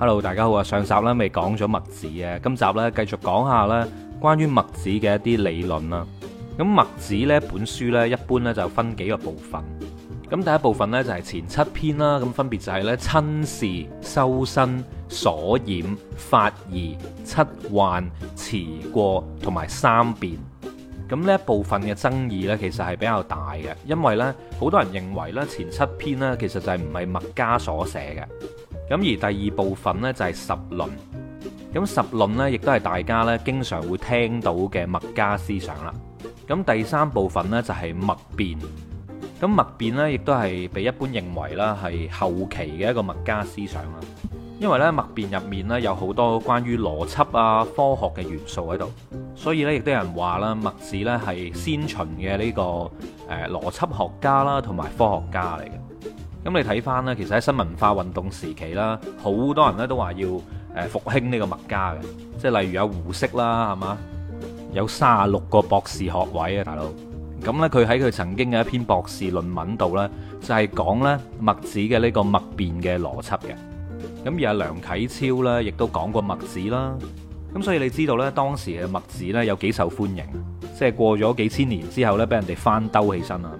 hello，大家好啊！上集咧未講咗墨子嘅，今集咧繼續講下咧關於墨子嘅一啲理論啦。咁墨子呢本書呢一般咧就分幾個部分。咁第一部分呢就係前七篇啦，咁分別就係呢親事、修身、所染、法儀、七患、辭過同埋三辯。咁呢部分嘅爭議呢其實係比較大嘅，因為呢好多人認為呢前七篇呢其實就係唔係墨家所寫嘅。咁而第二部分呢，就係十論，咁十論呢，亦都係大家呢經常會聽到嘅墨家思想啦。咁第三部分呢，就係墨辯，咁墨辯呢，亦都係被一般認為啦係後期嘅一個墨家思想啦。因為呢，墨辯入面呢，有好多關於邏輯啊、科學嘅元素喺度，所以呢，亦都有人話啦墨子呢係先秦嘅呢個誒邏輯學家啦同埋科學家嚟嘅。咁你睇翻咧，其實喺新文化運動時期啦，好多人咧都話要誒復興呢個墨家嘅，即係例如有胡適啦，係嘛？有三十六個博士學位啊，大佬。咁呢，佢喺佢曾經嘅一篇博士論文度呢，就係講呢墨子嘅呢個墨辯嘅邏輯嘅。咁而阿梁啟超呢，亦都講過墨子啦。咁所以你知道呢，當時嘅墨子呢，有幾受歡迎，即係過咗幾千年之後呢，俾人哋翻兜起身啦。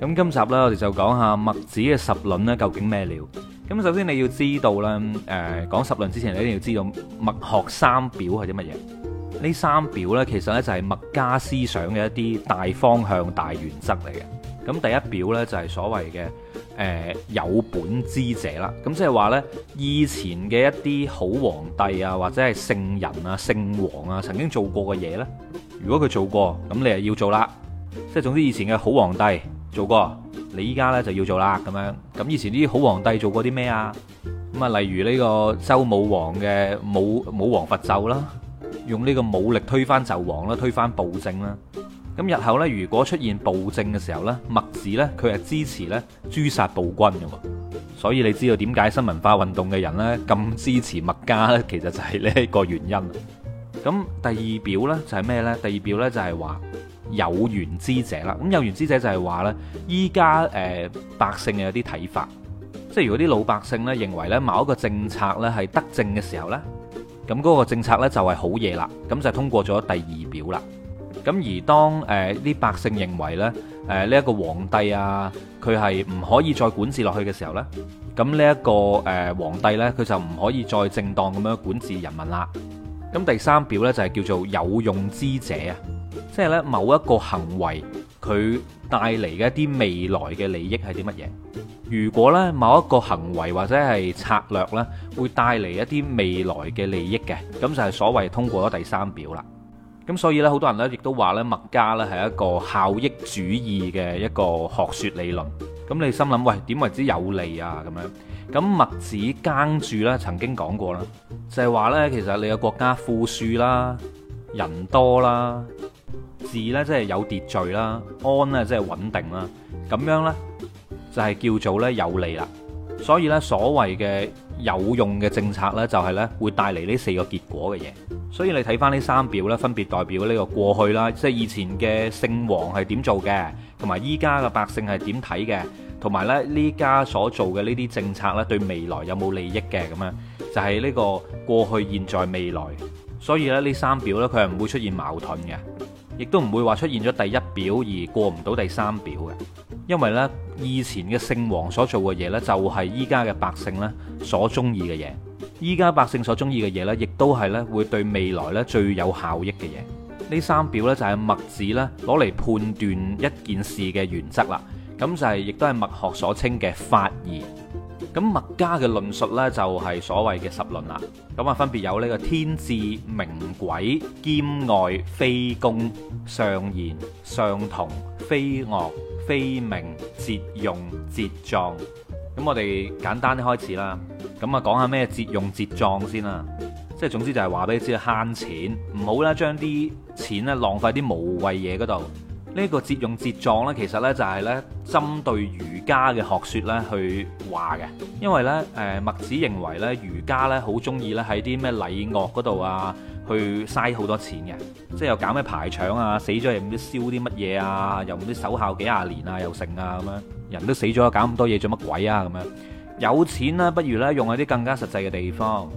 咁今集咧，我哋就講下墨子嘅十論咧，究竟咩料？咁首先你要知道咧，誒、呃，講十論之前，你一定要知道墨學三表係啲乜嘢。呢三表呢，其實呢就係、是、墨家思想嘅一啲大方向、大原則嚟嘅。咁第一表呢，就係、是、所謂嘅誒、呃、有本之者啦。咁即係話呢，以前嘅一啲好皇帝啊，或者係聖人啊、聖王啊，曾經做過嘅嘢呢，如果佢做過，咁你又要做啦。即係總之，以前嘅好皇帝。做過，你依家咧就要做啦咁樣。咁以前啲好皇帝做過啲咩啊？咁啊，例如呢個周武王嘅武武王伐紂啦，用呢個武力推翻紂王啦，推翻暴政啦。咁日後呢，如果出現暴政嘅時候呢，墨子呢，佢係支持呢，誅殺暴君嘅。所以你知道點解新文化運動嘅人呢，咁支持墨家呢，其實就係呢一個原因。咁第二表呢，就係咩呢？第二表呢，就係話。有原之者啦，咁有原之者就係話呢，依家誒百姓有啲睇法，即係如果啲老百姓咧認為咧某一個政策咧係得政嘅時候呢，咁嗰個政策呢就係好嘢啦，咁就通過咗第二表啦。咁而當誒啲、呃、百姓認為咧誒呢一個皇帝啊，佢係唔可以再管治落去嘅時候呢，咁呢一個誒、呃、皇帝呢，佢就唔可以再正當咁樣管治人民啦。咁第三表呢，就係、是、叫做有用之者啊。即係咧，某一個行為佢帶嚟嘅一啲未來嘅利益係啲乜嘢？如果咧某一個行為或者係策略咧，會帶嚟一啲未來嘅利益嘅，咁就係所謂通過咗第三表啦。咁所以呢，好多人呢亦都話呢，墨家呢係一個效益主義嘅一個學說理論。咁你心諗喂，點為之有利啊？咁樣咁墨子耕柱呢曾經講過啦，就係、是、話呢，其實你嘅國家富庶啦，人多啦。字咧即係有秩序啦，安咧即係穩定啦，咁樣呢，就係叫做咧有利啦。所以呢，所謂嘅有用嘅政策呢，就係咧會帶嚟呢四個結果嘅嘢。所以你睇翻呢三表呢，分別代表呢個過去啦，即係以前嘅聖王係點做嘅，同埋依家嘅百姓係點睇嘅，同埋呢家所做嘅呢啲政策呢，對未來有冇利益嘅咁樣，就係呢個過去、現在、未來。所以咧呢三表呢，佢係唔會出現矛盾嘅。亦都唔會話出現咗第一表而過唔到第三表嘅，因為咧以前嘅聖王所做嘅嘢呢，就係依家嘅百姓咧所中意嘅嘢。依家百姓所中意嘅嘢呢，亦都係咧會對未來咧最有效益嘅嘢。呢三表呢，就係、是、墨子咧攞嚟判斷一件事嘅原則啦。咁就係、是、亦都係墨學所稱嘅法義。咁墨家嘅論述呢，就係、是、所謂嘅十論啦，咁啊分別有呢個天志明鬼、兼愛非攻尚賢尚同、非樂、非命節用、節葬。咁我哋簡單啲開始啦，咁啊講下咩節用節葬先啦，即係總之就係話俾你知慳錢，唔好啦將啲錢呢浪費啲無謂嘢嗰度。呢、這個節用節葬呢，其實呢就係呢。針對儒家嘅學説咧去話嘅，因為咧誒墨子認為咧儒家咧好中意咧喺啲咩禮樂嗰度啊，去嘥好多錢嘅，即係又搞咩排場啊，死咗又唔知燒啲乜嘢啊，又唔知守孝幾廿年啊，又剩啊咁樣，人都死咗，搞咁多嘢做乜鬼啊咁樣，有錢啦、啊，不如咧用喺啲更加實際嘅地方。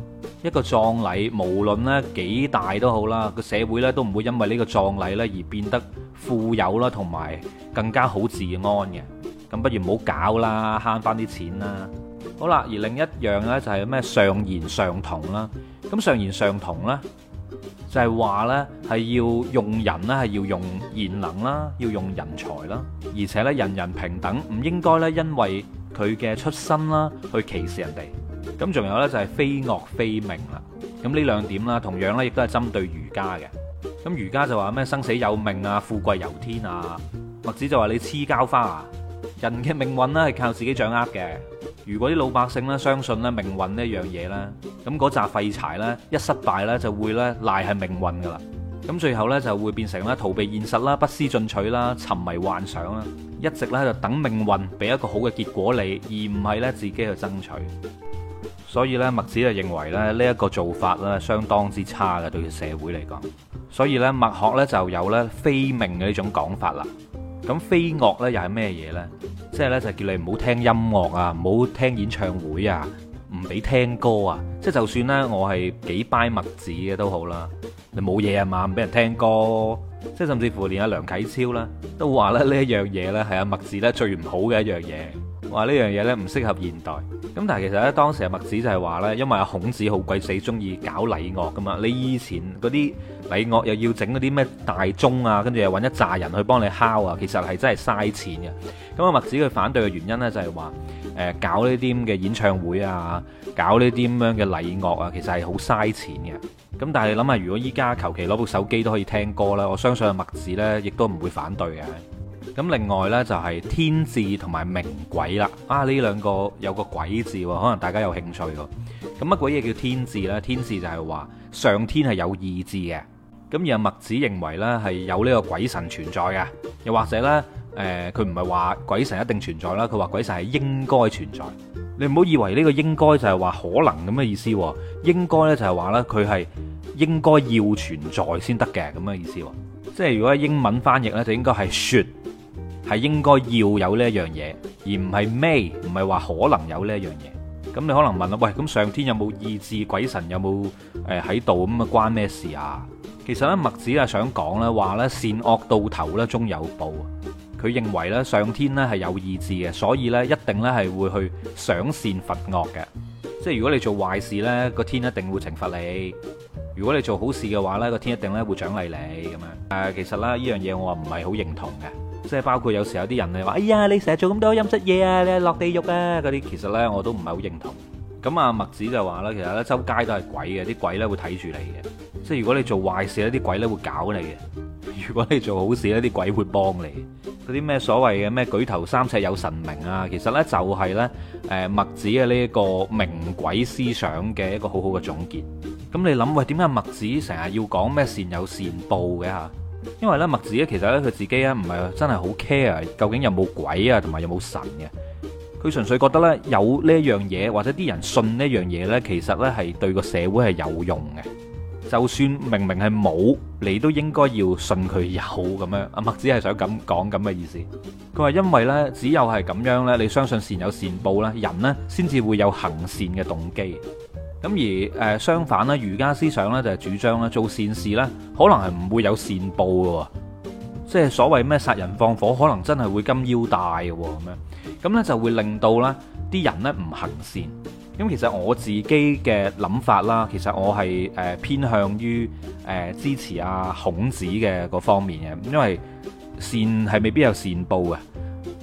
一個葬禮，無論咧幾大都好啦，個社會咧都唔會因為呢個葬禮咧而變得富有啦，同埋更加好治安嘅。咁不如唔好搞啦，慳返啲錢啦。好啦，而另一樣咧就係咩尚賢尚同啦。咁尚賢尚同咧就係話呢，係、就是、要用人啦，係要用賢能啦，要用人才啦，而且咧人人平等，唔應該咧因為佢嘅出身啦去歧視人哋。咁仲有呢，就係非樂非命啦。咁呢兩點啦，同樣呢，亦都係針對儒家嘅。咁儒家就話咩生死有命啊，富貴由天啊。墨子就話你黐膠花啊，人嘅命運呢，係靠自己掌握嘅。如果啲老百姓呢，相信呢命運呢一樣嘢呢，咁嗰紮廢柴呢，一失敗呢，就會呢，賴係命運噶啦。咁最後呢，就會變成咧逃避現實啦，不思進取啦，沉迷幻想啦，一直咧就等命運俾一個好嘅結果你，而唔係呢自己去爭取。所以咧，墨子就認為咧，呢一個做法咧，相當之差嘅對於社會嚟講。所以咧，墨學咧就有咧非命嘅呢種講法啦。咁非樂咧又係咩嘢咧？即係咧就叫你唔好聽音樂啊，唔好聽演唱會啊，唔俾聽歌啊。即係就算咧我係幾拜墨子嘅都好啦，你冇嘢啊嘛，唔俾人聽歌。即係甚至乎連阿梁啟超啦，都話咧呢一樣嘢咧係阿墨子咧最唔好嘅一樣嘢。話呢樣嘢呢唔適合現代，咁但係其實咧當時阿墨子就係話呢：因為孔子好鬼死中意搞禮樂噶嘛，你以前嗰啲禮樂又要整嗰啲咩大鐘啊，跟住又揾一紮人去幫你敲啊，其實係真係嘥錢嘅。咁阿墨子佢反對嘅原因呢，就係話，誒搞呢啲咁嘅演唱會啊，搞呢啲咁樣嘅禮樂啊，其實係好嘥錢嘅。咁但係你諗下，如果依家求其攞部手機都可以聽歌啦，我相信阿墨子呢亦都唔會反對嘅。咁另外呢，就係天志同埋明鬼啦，啊呢兩個有個鬼字喎，可能大家有興趣喎。咁乜鬼嘢叫天志呢？「天志」就係話上天係有意志嘅。咁而墨子認為呢係有呢個鬼神存在嘅，又或者呢，誒佢唔係話鬼神一定存在啦，佢話鬼神係應該存在。你唔好以為呢個應該就係話可能咁嘅意思喎，應該呢就係話呢，佢係應該要存在先得嘅咁嘅意思喎。即係如果英文翻譯呢，就應該係 s 係應該要有呢一樣嘢，而唔係咩？唔係話可能有呢一樣嘢。咁你可能問啦，喂，咁上天有冇意志？鬼神有冇誒喺度？咁、呃、啊關咩事啊？其實呢，墨子啊想講咧，話咧善惡到頭咧，終有報。佢認為呢，上天咧係有意志嘅，所以呢，一定咧係會去賞善罰惡嘅。即係如果你做壞事呢，個天一定會懲罰你；如果你做好事嘅話呢，個天一定咧會獎勵你咁樣。誒，其實呢，呢樣嘢我唔係好認同嘅。即係包括有時有啲人你話，哎呀，你成日做咁多陰質嘢啊，你落地獄啊！嗰啲其實呢我都唔係好認同。咁啊，墨子就話啦，其實呢，周街都係鬼嘅，啲鬼呢會睇住你嘅。即係如果你做壞事呢，啲鬼呢會搞你嘅；如果你做好事呢，啲鬼會幫你。嗰啲咩所謂嘅咩舉頭三尺有神明啊，其實呢就係呢誒墨子嘅呢一個明鬼思想嘅一個好好嘅總結。咁你諗喂，點解墨子成日要講咩善有善報嘅嚇？因為咧墨子咧，其實咧佢自己咧唔係真係好 care 究竟有冇鬼啊，同埋有冇神嘅，佢純粹覺得咧有呢樣嘢，或者啲人信呢樣嘢咧，其實咧係對個社會係有用嘅，就算明明係冇，你都應該要信佢有咁樣。啊墨子係想咁講咁嘅意思，佢話因為咧只有係咁樣咧，你相信善有善報咧，人咧先至會有行善嘅動機。咁而誒相反咧，儒家思想咧就係主張咧做善事咧，可能係唔會有善報嘅喎，即係所謂咩殺人放火，可能真係會金腰帶嘅喎咁樣，咁咧就會令到咧啲人咧唔行善。咁其實我自己嘅諗法啦，其實我係誒偏向於誒支持阿孔子嘅嗰方面嘅，因為善係未必有善報嘅，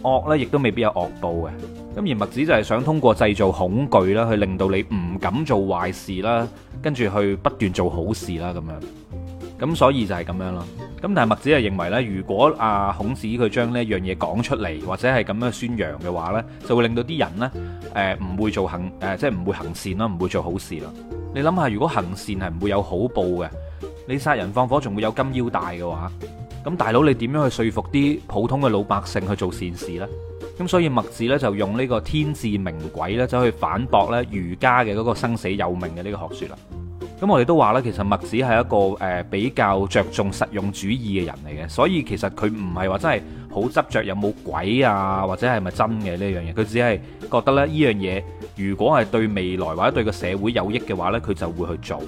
惡咧亦都未必有惡報嘅。咁而墨子就係想通過製造恐懼啦，去令到你唔敢做壞事啦，跟住去不斷做好事啦咁樣。咁所以就係咁樣咯。咁但係墨子就認為呢，如果阿孔子佢將呢樣嘢講出嚟，或者係咁樣宣揚嘅話呢，就會令到啲人呢，誒唔會做行誒即係唔會行善啦，唔會做好事啦。你諗下，如果行善係唔會有好報嘅，你殺人放火仲會有金腰帶嘅話，咁大佬你點樣去說服啲普通嘅老百姓去做善事呢？咁所以墨子咧，就用呢個天志明鬼咧，走去反駁咧，儒家嘅嗰個生死有命嘅呢個學說啦。咁我哋都話咧，其實墨子係一個誒、呃、比較着重實用主義嘅人嚟嘅，所以其實佢唔係話真係好執着有冇鬼啊，或者係咪真嘅呢樣嘢，佢只係覺得咧，呢樣嘢如果係對未來或者對個社會有益嘅話呢，佢就會去做。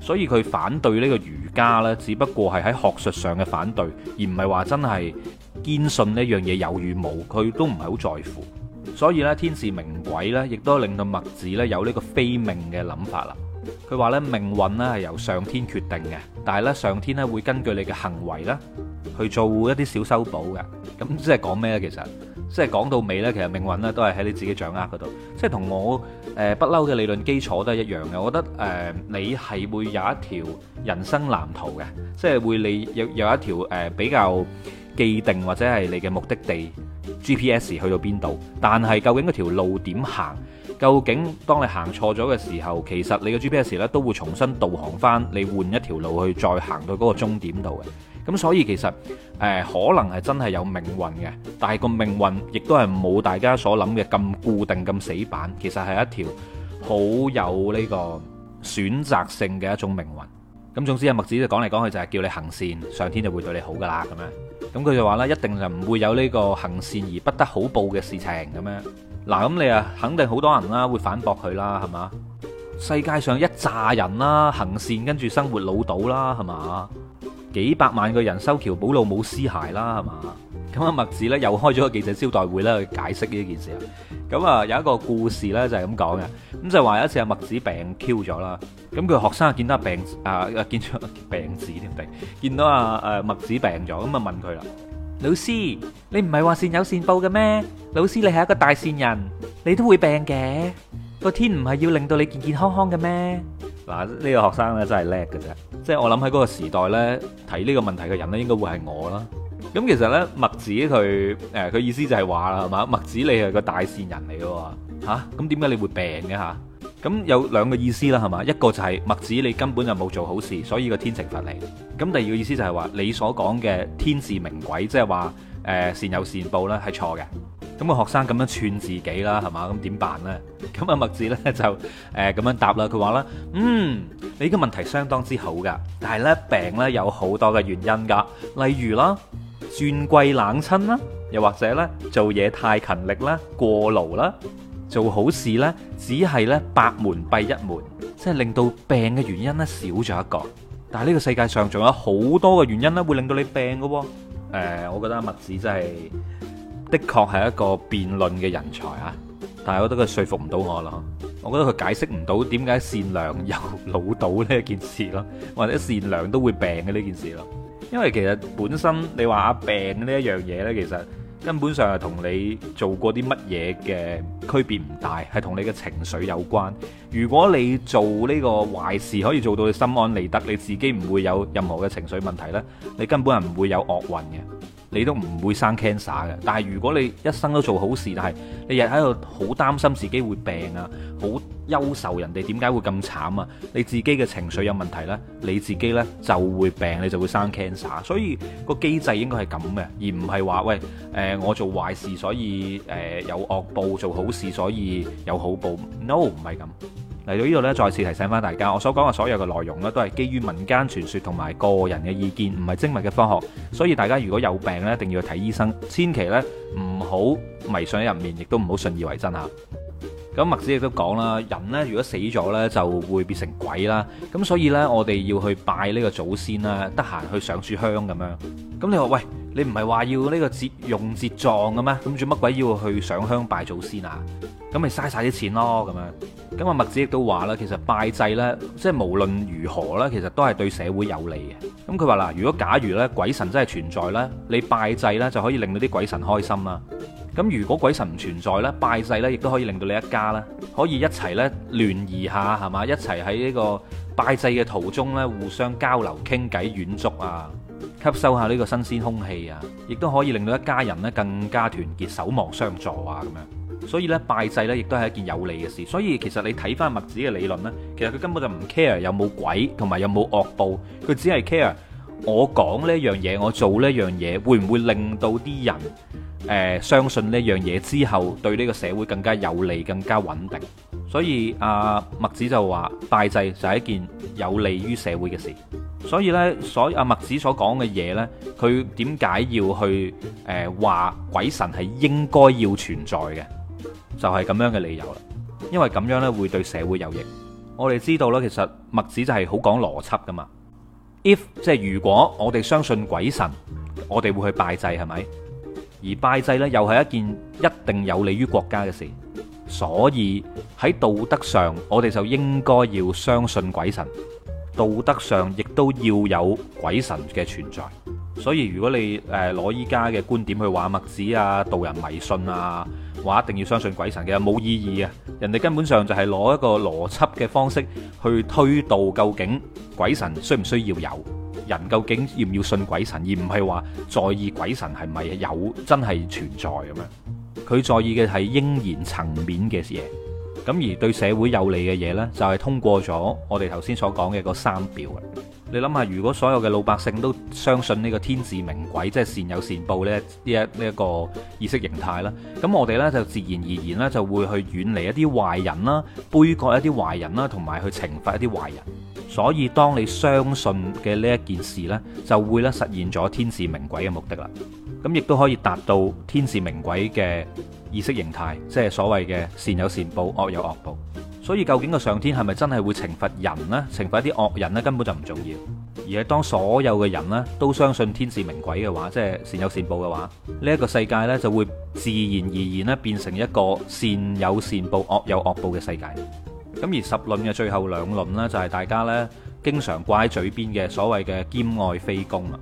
所以佢反對呢個儒家呢，只不過係喺學術上嘅反對，而唔係話真係。堅信呢樣嘢有與無，佢都唔係好在乎，所以咧天志明鬼咧，亦都令到墨子咧有呢個非命嘅諗法啦。佢話咧命運咧係由上天決定嘅，但係咧上天咧會根據你嘅行為啦去做一啲小修補嘅。咁即係講咩咧？其實即係講到尾咧，其實命運咧都係喺你自己掌握嗰度，即係同我誒不嬲嘅理論基礎都係一樣嘅。我覺得誒你係會有一條人生藍圖嘅，即係會你有有一條誒比較。既定或者係你嘅目的地，GPS 去到邊度？但係究竟嗰條路點行？究竟當你行錯咗嘅時候，其實你嘅 GPS 呢都會重新導航翻，你換一條路去再行到嗰個終點度嘅。咁所以其實誒、呃，可能係真係有命運嘅，但係個命運亦都係冇大家所諗嘅咁固定、咁死板。其實係一條好有呢個選擇性嘅一種命運。咁總之啊，墨子就講嚟講去就係叫你行善，上天就會對你好噶啦咁樣。咁佢就話咧，一定就唔會有呢個行善而不得好報嘅事情咁樣。嗱，咁你啊，肯定好多人啦會反駁佢啦，係嘛？世界上一炸人啦，行善跟住生活老倒啦，係嘛？幾百萬個人修橋補路冇屍骸啦，係嘛？咁阿墨子咧又開咗個記者招待會咧去解釋呢一件事啊。咁啊有一個故事咧就係咁講嘅，咁就話有一次阿墨子病 Q 咗啦。咁佢學生見到阿病啊，見出病字點定見到阿誒墨子病咗咁啊問佢啦，老師你唔係話善有善報嘅咩？老師你係一個大善人，你都會病嘅。個天唔係要令到你健健康康嘅咩？嗱，呢個學生咧真係叻嘅啫，即係我諗喺嗰個時代呢，提呢個問題嘅人咧應該會係我啦。咁、嗯、其實呢，墨子佢誒佢意思就係話啦，係嘛，墨子你係個大善人嚟嘅喎，吓，咁點解你會病嘅吓？咁、啊、有兩個意思啦，係嘛，一個就係、是、墨子你根本就冇做好事，所以個天懲罰你。咁、嗯、第二個意思就係話你所講嘅天志明鬼，即係話誒善有善報呢係錯嘅。咁個學生咁樣串自己啦，係嘛？咁點辦呢？咁，阿墨子呢，就誒咁、呃、樣答啦。佢話啦，嗯，你依個問題相當之好㗎，但係呢，病呢，有好多嘅原因㗎。例如啦，轉季冷親啦，又或者呢，做嘢太勤力啦，過勞啦，做好事呢，只係呢，百門閉一門，即係令到病嘅原因呢，少咗一個。但係呢個世界上仲有好多嘅原因呢，會令到你病㗎喎、哦呃。我覺得阿墨子真係～的確係一個辯論嘅人才啊，但係我覺得佢說服唔到我咯。我覺得佢解釋唔到點解善良又老到呢件事咯，或者善良都會病嘅呢件事咯。因為其實本身你話啊，病呢一樣嘢呢，其實根本上係同你做過啲乜嘢嘅區別唔大，係同你嘅情緒有關。如果你做呢個壞事可以做到你心安理得，你自己唔會有任何嘅情緒問題呢，你根本係唔會有惡運嘅。你都唔會生 cancer 嘅，但係如果你一生都做好事，但係你日喺度好擔心自己會病啊，好憂愁人哋點解會咁慘啊，你自己嘅情緒有問題呢，你自己呢就會病，你就會生 cancer。所以個機制應該係咁嘅，而唔係話喂，誒、呃、我做壞事所以誒、呃、有惡報，做好事所以有好報。No，唔係咁。嚟到呢度咧，再次提醒翻大家，我所講嘅所有嘅內容咧，都係基於民間傳說同埋個人嘅意見，唔係精密嘅科學。所以大家如果有病咧，一定要去睇醫生，千祈咧唔好迷上入面，亦都唔好信以為真啊！咁墨子亦都講啦，人呢如果死咗呢，就會變成鬼啦。咁所以呢，我哋要去拜呢個祖先啦，得閒去上柱香咁樣。咁你話喂，你唔係話要呢個節用節葬嘅咩？咁做乜鬼要去上香拜祖先啊？咁咪嘥晒啲錢咯咁樣。咁阿墨子亦都話啦，其實拜祭呢，即係無論如何呢，其實都係對社會有利嘅。咁佢話嗱，如果假如呢鬼神真係存在呢，你拜祭呢就可以令到啲鬼神開心啦。咁如果鬼神唔存在呢，拜祭呢亦都可以令到你一家呢可以一齊呢聯誼下係嘛？一齊喺呢個拜祭嘅途中呢互相交流傾偈遠足啊！吸收下呢個新鮮空氣啊，亦都可以令到一家人咧更加團結，守望相助啊咁樣。所以咧，拜祭咧，亦都係一件有利嘅事。所以其實你睇返墨子嘅理論咧，其實佢根本就唔 care 有冇鬼同埋有冇惡報，佢只係 care 我講呢樣嘢，我做呢樣嘢，會唔會令到啲人誒相信呢樣嘢之後，對呢個社會更加有利，更加穩定。所以阿墨、啊、子就話拜祭就係一件有利於社會嘅事，所以咧，所以阿墨子所講嘅嘢咧，佢點解要去誒話、呃、鬼神係應該要存在嘅，就係、是、咁樣嘅理由啦。因為咁樣咧會對社會有益。我哋知道啦，其實墨子就係好講邏輯噶嘛。If 即係如果我哋相信鬼神，我哋會去拜祭係咪？而拜祭咧又係一件一定有利於國家嘅事。所以喺道德上，我哋就應該要相信鬼神；道德上亦都要有鬼神嘅存在。所以如果你誒攞依家嘅觀點去話墨子啊、道人迷信啊，話一定要相信鬼神嘅冇意義啊！人哋根本上就係攞一個邏輯嘅方式去推導究竟鬼神需唔需要有，人究竟要唔要信鬼神，而唔係話在意鬼神係咪有真係存在咁樣。佢在意嘅係應然層面嘅嘢，咁而對社會有利嘅嘢呢，就係通過咗我哋頭先所講嘅個三表啊！你諗下，如果所有嘅老百姓都相信呢個天志明鬼，即係善有善報咧，呢一呢一個意識形態啦，咁我哋呢就自然而然呢就會去遠離一啲壞人啦，杯葛一啲壞人啦，同埋去懲罰一啲壞人。所以當你相信嘅呢一件事呢，就會咧實現咗天志明鬼嘅目的啦。咁亦都可以達到天志明鬼嘅意識形態，即係所謂嘅善有善報，惡有惡報。所以究竟個上天係咪真係會懲罰人呢？懲罰一啲惡人呢，根本就唔重要。而係當所有嘅人呢，都相信天志明鬼嘅話，即係善有善報嘅話，呢、這、一個世界呢，就會自然而然咧變成一個善有善報、惡有惡報嘅世界。咁而十論嘅最後兩論呢，就係大家呢，經常掛喺嘴邊嘅所謂嘅兼愛非攻啊。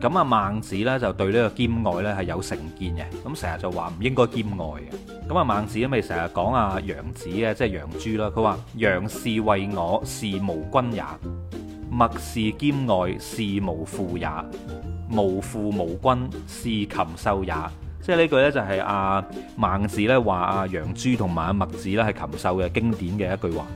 咁啊孟子咧就對呢個兼愛咧係有成見嘅，咁成日就話唔應該兼愛嘅。咁啊孟子因咪成日講阿楊子啊，即係楊朱啦。佢話：楊氏為我是無君也，墨氏兼愛是無父也，無父無君是禽獸也。即係呢句呢，就係阿孟子咧話阿楊朱同埋阿墨子呢係禽獸嘅經典嘅一句話。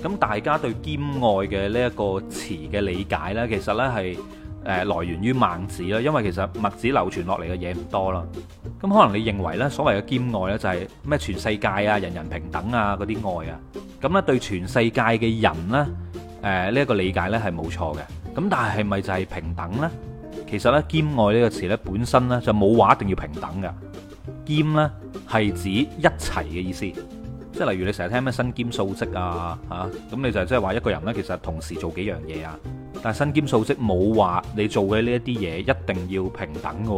咁大家對兼愛嘅呢一個詞嘅理解呢，其實呢係。誒來源於孟子啦，因為其實墨子流傳落嚟嘅嘢唔多啦，咁可能你認為呢所謂嘅兼愛呢，就係咩全世界啊、人人平等啊嗰啲愛啊，咁呢對全世界嘅人呢，誒呢一個理解呢係冇錯嘅，咁但係係咪就係平等呢？其實呢，兼愛呢個詞呢本身呢，就冇話一定要平等㗎，兼呢，係指一齊嘅意思。即係例如你成日聽咩身兼數職啊嚇，咁你就係即係話一個人呢，其實同時做幾樣嘢啊，但係身兼數職冇話你做嘅呢一啲嘢一定要平等㗎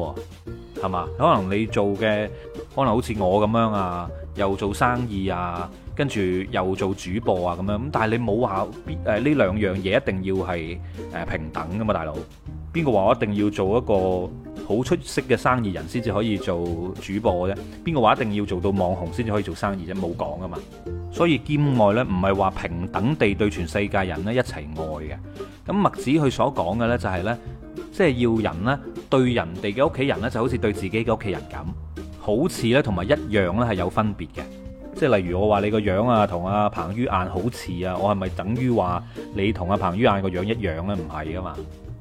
喎，係嘛？可能你做嘅可能好似我咁樣啊，又做生意啊，跟住又做主播啊咁樣，咁但係你冇話必誒呢兩樣嘢一定要係誒平等㗎嘛，大佬，邊個話我一定要做一個？好出色嘅生意人先至可以做主播嘅啫，邊個話一定要做到網紅先至可以做生意啫？冇講噶嘛。所以兼愛呢，唔係話平等地對全世界人呢一齊愛嘅。咁墨子佢所講嘅呢，就係呢，即係要人呢，對人哋嘅屋企人呢，就好似對自己嘅屋企人咁，好似呢，同埋一樣呢係有分別嘅。即係例如我話你個樣啊同阿彭于晏好似啊，我係咪等於話你同阿彭于晏個樣一樣呢？唔係噶嘛。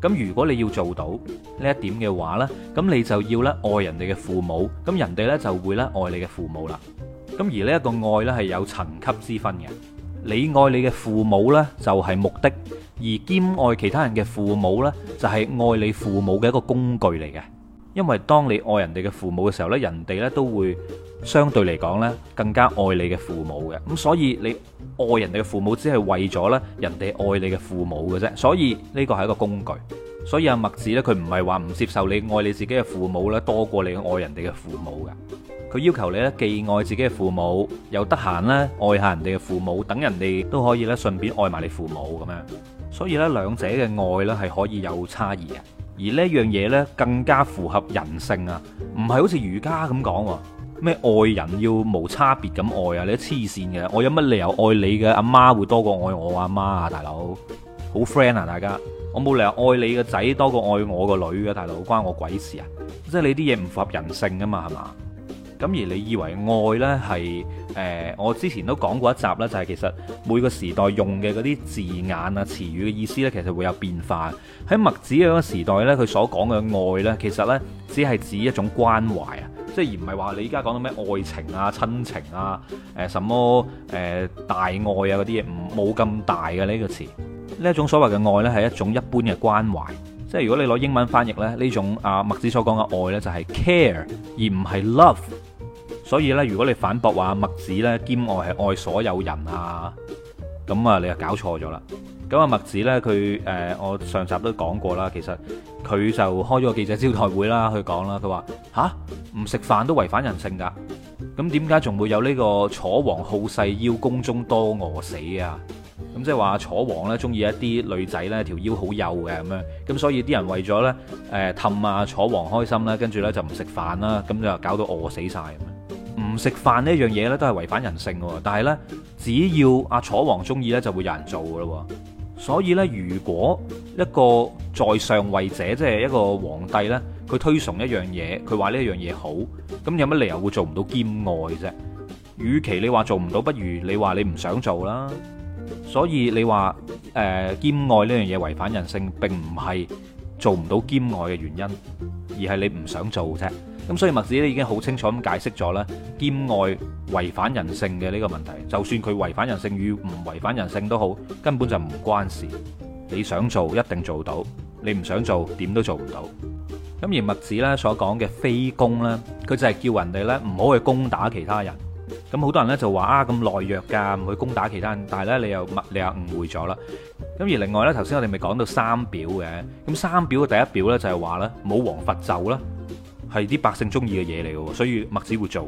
咁如果你要做到呢一點嘅話呢，咁你就要呢愛人哋嘅父母，咁人哋呢就會呢愛你嘅父母啦。咁而呢一個愛呢係有層級之分嘅，你愛你嘅父母呢，就係目的，而兼愛其他人嘅父母呢，就係愛你父母嘅一個工具嚟嘅。因為當你愛人哋嘅父母嘅時候咧，人哋咧都會相對嚟講咧更加愛你嘅父母嘅，咁所以你愛人哋嘅父母只係為咗咧人哋愛你嘅父母嘅啫，所以呢個係一個工具。所以阿墨子咧，佢唔係話唔接受你愛你自己嘅父母咧多過你愛人哋嘅父母嘅，佢要求你咧既愛自己嘅父母，又得閒咧愛下人哋嘅父母，等人哋都可以咧順便愛埋你父母咁樣。所以咧兩者嘅愛咧係可以有差異嘅。而呢一樣嘢呢，更加符合人性啊！唔係好似儒家咁講，咩愛人要無差別咁愛啊？你都黐線嘅，我有乜理由愛你嘅阿媽會多過愛我阿媽啊？大佬，好 friend 啊，大家，我冇理由愛你個仔多過愛我個女嘅，大佬，關我鬼事啊！即係你啲嘢唔符合人性㗎嘛，係嘛？咁而你以為愛呢係誒、呃，我之前都講過一集咧，就係、是、其實每個時代用嘅嗰啲字眼啊、詞語嘅意思呢，其實會有變化。喺墨子嗰個時代呢，佢所講嘅愛呢，其實呢只係指一種關懷啊，即係而唔係話你依家講到咩愛情啊、親情啊、誒、呃、什麼誒、呃、大愛啊嗰啲嘢，冇咁大嘅呢、呢個詞。呢一種所謂嘅愛呢，係一種一般嘅關懷，即係如果你攞英文翻譯呢，呢種啊墨子所講嘅愛呢，就係、係、care 而唔係 love。所以咧，如果你反駁話墨子咧兼愛係愛所有人啊，咁啊，你又搞錯咗啦。咁啊，墨子咧佢誒，我上集都講過啦。其實佢就開咗個記者招待會啦，去講啦。佢話吓，唔食飯都違反人性㗎。咁點解仲會有呢個楚王好細腰，宮中多餓死啊？咁即係話楚王咧中意一啲女仔咧條腰好幼嘅咁樣，咁所以啲人為咗咧誒氹啊楚王開心咧，跟住咧就唔食飯啦，咁就搞到餓死晒。食飯呢一樣嘢咧，都係違反人性嘅。但係呢，只要阿楚王中意呢，就會有人做噶啦。所以呢，如果一個在上位者，即係一個皇帝呢，佢推崇一樣嘢，佢話呢樣嘢好，咁有乜理由會做唔到兼愛啫？與其你話做唔到，不如你話你唔想做啦。所以你話誒、呃、兼愛呢樣嘢違反人性，並唔係。做唔到兼愛嘅原因，而係你唔想做啫。咁所以墨子咧已經好清楚咁解釋咗咧，兼愛違反人性嘅呢個問題，就算佢違反人性與唔違反人性都好，根本就唔關事。你想做一定做到，你唔想做點都做唔到。咁而墨子呢所講嘅非攻呢，佢就係叫人哋呢唔好去攻打其他人。咁好多人咧就話啊，咁懦弱噶，唔去攻打其他人，但係咧你又墨你又誤會咗啦。咁而另外咧，頭先我哋咪講到三表嘅，咁三表嘅第一表咧就係話咧武王伐紂啦，係啲百姓中意嘅嘢嚟嘅，所以墨子會做。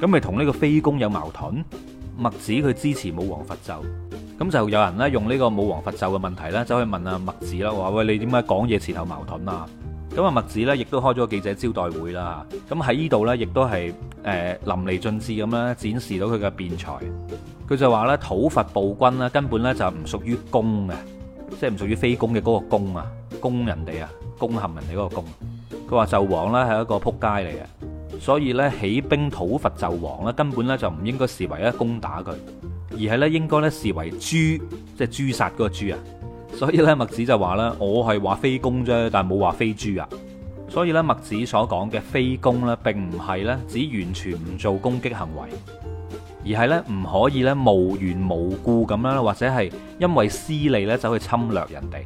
咁咪同呢個非攻有矛盾，墨子佢支持武王伐紂，咁就有人咧用呢個武王伐紂嘅問題咧走去問啊墨子啦，話喂，你點解講嘢前後矛盾啊？咁啊，墨子咧亦都開咗記者招待會啦。咁喺呢度呢，亦都係誒淋漓盡致咁咧展示到佢嘅辯才。佢就話呢討伐暴君呢，根本呢就唔屬於攻嘅，即係唔屬於非攻嘅嗰個攻啊，攻人哋啊，攻陷人哋嗰個攻。佢話，紂王呢係一個撲街嚟嘅，所以呢，起兵討伐紂王呢根本呢就唔應該視為咧攻打佢，而係呢應該呢視為誅，即係誅殺嗰個誅啊。所以咧墨子就話咧，我係話非攻啫，但係冇話非誅啊。所以咧墨子所講嘅非攻咧，並唔係咧只完全唔做攻擊行為，而係咧唔可以咧無緣無故咁樣，或者係因為私利咧走去侵略人哋。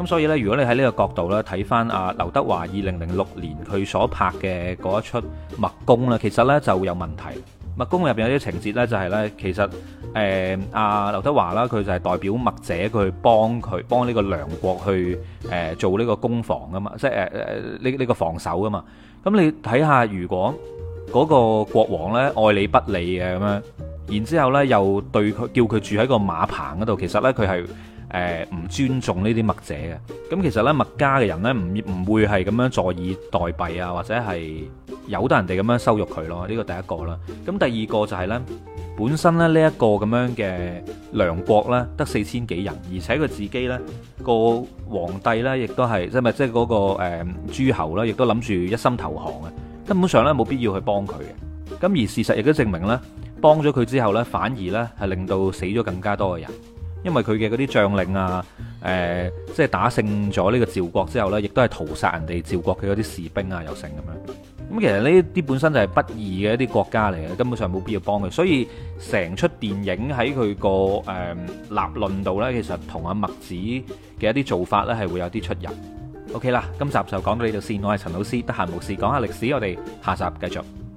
咁所以咧，如果你喺呢個角度咧睇翻阿劉德華二零零六年佢所拍嘅嗰一齣《墨攻》咧，其實咧就有問題。墨攻入邊有啲情節咧，就係咧，其實誒阿劉德華啦，佢就係代表墨者，佢幫佢幫呢個梁國去誒做呢個攻防噶嘛，即係誒誒呢呢個防守噶嘛。咁你睇下，如果嗰個國王咧愛理不理嘅咁樣，然之後咧又對佢叫佢住喺個馬棚嗰度，其實咧佢係誒唔尊重呢啲墨者嘅。咁其實咧墨家嘅人咧唔唔會係咁樣坐以待斃啊，或者係。由得人哋咁樣羞辱佢咯，呢、這個第一個啦。咁第二個就係、是、呢本身咧呢一、這個咁樣嘅梁國呢，得四千幾人，而且佢自己呢、這個皇帝呢，亦都係即係咪即係嗰、那個誒、呃、諸侯呢，亦都諗住一心投降啊。根本上呢，冇必要去幫佢嘅。咁而事實亦都證明呢，幫咗佢之後呢，反而呢係令到死咗更加多嘅人，因為佢嘅嗰啲將領啊，誒、呃、即係打勝咗呢個趙國之後呢，亦都係屠殺人哋趙國嘅嗰啲士兵啊，又成咁樣。咁其實呢啲本身就係不義嘅一啲國家嚟嘅，根本上冇必要幫佢。所以成出電影喺佢個誒立論度呢，其實同阿墨子嘅一啲做法呢係會有啲出入。OK 啦，今集就講到呢度先，我係陳老師，得閒無事講下歷史，我哋下集繼續。